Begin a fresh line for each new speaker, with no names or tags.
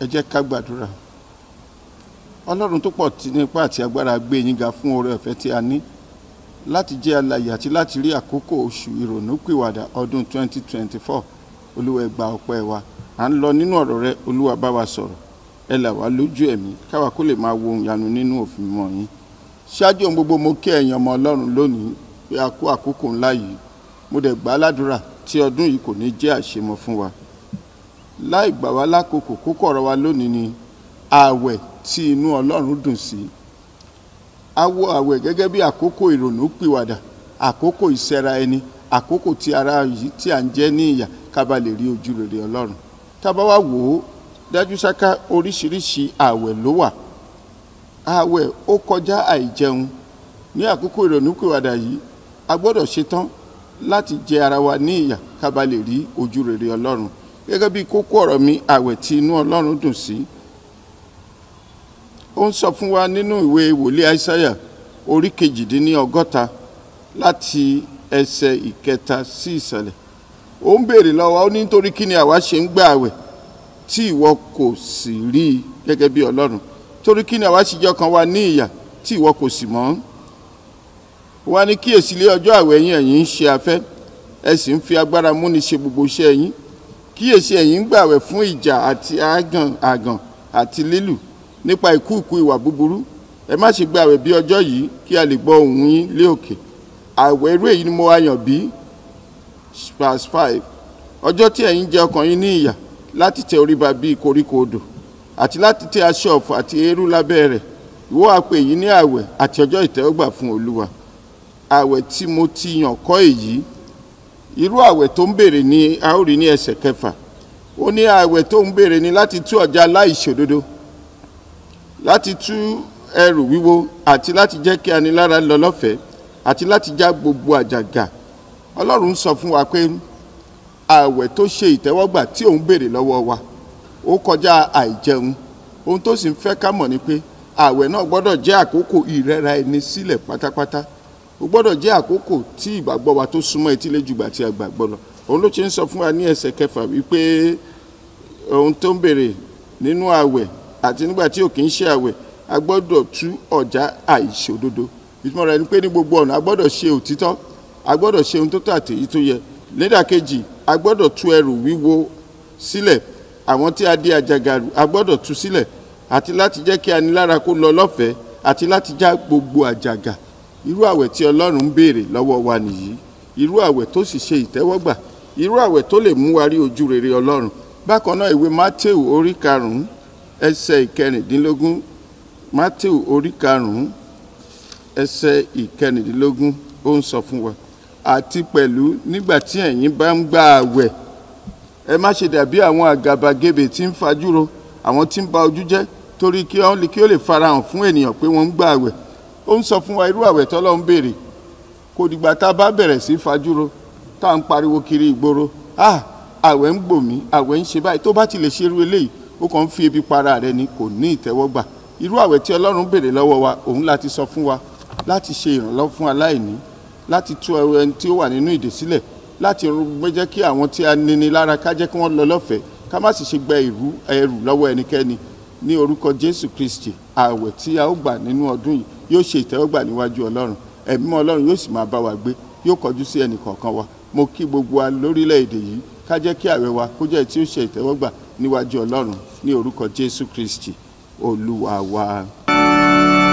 ẹ jẹ́ ká gbàdúrà ọlọ́run tó pọ̀ ní ipá àti agbára gbé yín ga fún oore ọ̀fẹ́ tí a ní láti jẹ́ alàyè àti láti rí àkókò oṣù ìrònúpìwàdà ọdún 2024 olúwa ẹ gba ọpẹ́ wa à ń lọ nínú ọ̀rọ̀ rẹ olúwa bá wa sọ̀rọ̀ ẹ là wá lójú ẹ̀mí káwa kó lè máa wo ohun ìyanu nínú òfin mọ̀ yín ṣáájú ohun gbogbo mo kí ẹ̀yin ọmọ ọlọ́run lónìí pé a kó àkókò ńlá yìí mo dẹ̀ gbà ládùúrà tí ọdún yìí kò ní jẹ́ àṣemọ fún wa láì gbà wá lákòókò kókó ọ̀rọ̀ wa lónìí ni ààwẹ̀ tí inú Ọlọ́run dùn sí a wo ààwẹ̀ gẹ́gẹ́ bí àkókò ìrònú pìwàdà àkókò ìsẹ́ra ẹni àkókò tí ara yìí tí à ń jẹ ní ìyà ká ba lè rí ojú rere Ọlọ́run tá a bá wá wò ó dájú sáká oríṣiríṣi ààwẹ̀ ló wà ààwẹ̀ ó kọjá àìjẹun ní àkókò ìrònú pìwàdà yìí a gbọ́dọ̀ ṣetán láti jẹ ara wa ní ìyà ká lè rí ojú rere Ọlọ́run gẹ́gẹ́ bí kókó ọ̀rọ̀ mi àwẹ̀ tí inú ọlọ́run dùn sí ó ń sọ fún wa nínú ìwé wòlíì àìsáyà orí kejìdínlọ́gọ́ta láti ẹsẹ̀ ìkẹta sí ìsàlẹ̀ ó ń béèrè lọ́wọ́ ó ní nítorí kí ni àwa ṣe ń gbà àwẹ̀ tí ìwọ kò sì rí i gẹ́gẹ́ bí ọlọ́run torí kí ni àwa sì jẹ́ ọkàn wa ní ìyà tí ìwọ kò sì mọ̀ wa ní kíyèsí ọjọ́ àwẹ̀ yín ẹ̀yin ń ṣe afẹ́ ẹ sì ń fi agbára múni ṣe gbogbo iṣẹ́ yín kíyèsí ẹ̀yin ń gbàwẹ̀ fún ìjà àti àgàn àgàn àti lílù nípa ìkúùkù ìwà búburú ẹ má ṣe gbàwẹ̀ bí ọjọ́ yìí kí a lè gbọ́ ohùn yín lé òkè àwẹ̀ irú èyí ni mo wá bí verse five ọjọ́ tí ẹ̀yin jẹ ọkàn yín ní ìyà láti tẹ orí ba bíi koríko odò àti láti tẹ aṣọ ọ̀fọ̀ àti eérú lábẹ́ rẹ̀ ìwọ á pè èyí ní àwẹ̀ àti ọjọ́ ìtẹ́wọ́gbà fún olúwa àwẹ̀ tí mo ti yàn kọ́ èyí irú àwẹ̀ tó ń béèrè ni a ó rí ní ẹsẹ̀ kẹfà ó ní àwẹ̀ tó ń béèrè ni láti tú ọ̀já láìṣòdodo láti tú ẹrù wíwo àti láti jẹ́ kí anilára lọ lọ́fẹ̀ẹ́ àti láti já gbogbo àjàgà ọlọ́run sọ fún wa pé àwẹ̀ tó ṣe ìtẹ́wọ́gbà tí òun béèrè lọ́wọ́ wa ó kọjá àìjẹun ohun tó sì ń fẹ́ ká mọ̀ ni pé àwẹ̀ náà gbọ́dọ̀ jẹ́ àkókò ìrẹ́ra ẹni sílẹ̀ pátápátá ó gbọ́dọ̀ jẹ́ àkókò tí ìgbàgbọ́ wa tó súnmọ́ etílé jùgbà tí a gbàgbọ́ lọ òun ló ṣe ń sọ fún wa ní ẹsẹ̀ kẹfà wípé ohun tó ń bèrè nínú àwẹ̀ àti nígbà tí ò kì í ṣe àwẹ̀ a gbọ́dọ̀ tú ọ̀já àìṣòdodo ìtumọ̀ rẹ̀ ni pé ní gbogbo ọ̀nà a gbọ́dọ̀ ṣe òtítọ́ a gbọ́dọ̀ ṣe ohun tó tà tèyí tó yẹ nídàkejì a gbọ́dọ̀ tú ẹrù wíwo sílẹ̀ àwọn tí a di àjàgàrù a gbọ́dọ̀ tú sílẹ̀ àti láti jẹ́ kí anilára kó lọ lọ́fẹ̀ẹ́ àti láti já gbogbo àjàgà irú àwẹ̀ tí ọlọ́run ń béèrè lọ́wọ́ wa nìyí irú àwẹ̀ tó sì ṣe ìtẹ́wọ́gbà irú àwẹ̀ tó lè mú wa rí ojú rere ọlọ́run bákan náà ìwé Mátíù orí karùn ẹsẹ̀ ìkẹrìndínlógún Mátíù orí karùn ẹsẹ̀ ìkẹrìndínlógún ó ń sọ fún wa àti pẹ̀lú nígbà tí ẹ̀yin bá ń gba àwẹ̀ ẹ má ṣe dàbí àwọn àgàbàgebè tí ń fajúro àwọn tí ń ba ojú jẹ́ torí kí ó lè farahàn fún ènìyàn pé wọ́n ń gba àwẹ̀ ó ń sọ fún wa irú àwẹ̀ tọ́lọ́ ń béèrè kò dìgbà tá a bá bẹ̀rẹ̀ sí fajúro tá à ń pariwo kiri ìgboro ah àwẹ̀ ń gbò mí àwẹ̀ ń ṣe báyìí tó bá ti lè ṣerú eléyìí ó kàn ń fi ebi para rẹ ni kò ní ìtẹ́wọ́gbà irú àwẹ̀ tí ọlọ́run béèrè lọ́wọ́ wa òun láti sọ fún wa láti ṣe ìrànlọ́wọ́ fún aláìní láti tú ẹni tí ó wà nínú ìdè sílẹ̀ láti jẹ́ kí àwọn tí a níni lára ká jẹ́ kí wọ́n lọ lọ́fẹ̀ẹ́ ká má sì ṣe gba ìrú ẹrù lọ́wọ́ ẹnikẹ́ni ní orúkọ Jésù Kristi àwẹ̀ tí a ó gbà nínú ọdún yìí yóò ṣe ìtẹ́wọ́gbà níwájú ọlọ́run ẹ̀mí ọlọ́run yóò sì máa bá wa gbé yóò kọjú sí ẹnì kọ̀ọ̀kan wa mo kí gbogbo wa lórílẹ̀‐èdè yìí ká jẹ́ kí àwẹ̀ wa kó jẹ́ tí ó ṣe ìtẹ́wọ́gbà níwájú ọlọ́run ní orúkọ jésù kristi olúwa wa.